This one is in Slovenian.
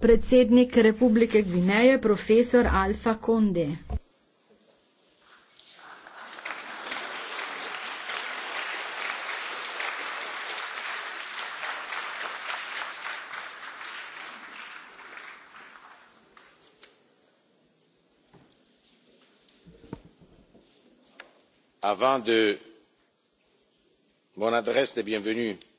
Predsednik Republike Gvineje, profesor Alfa Konde. Avant de mon adresse de bienvenue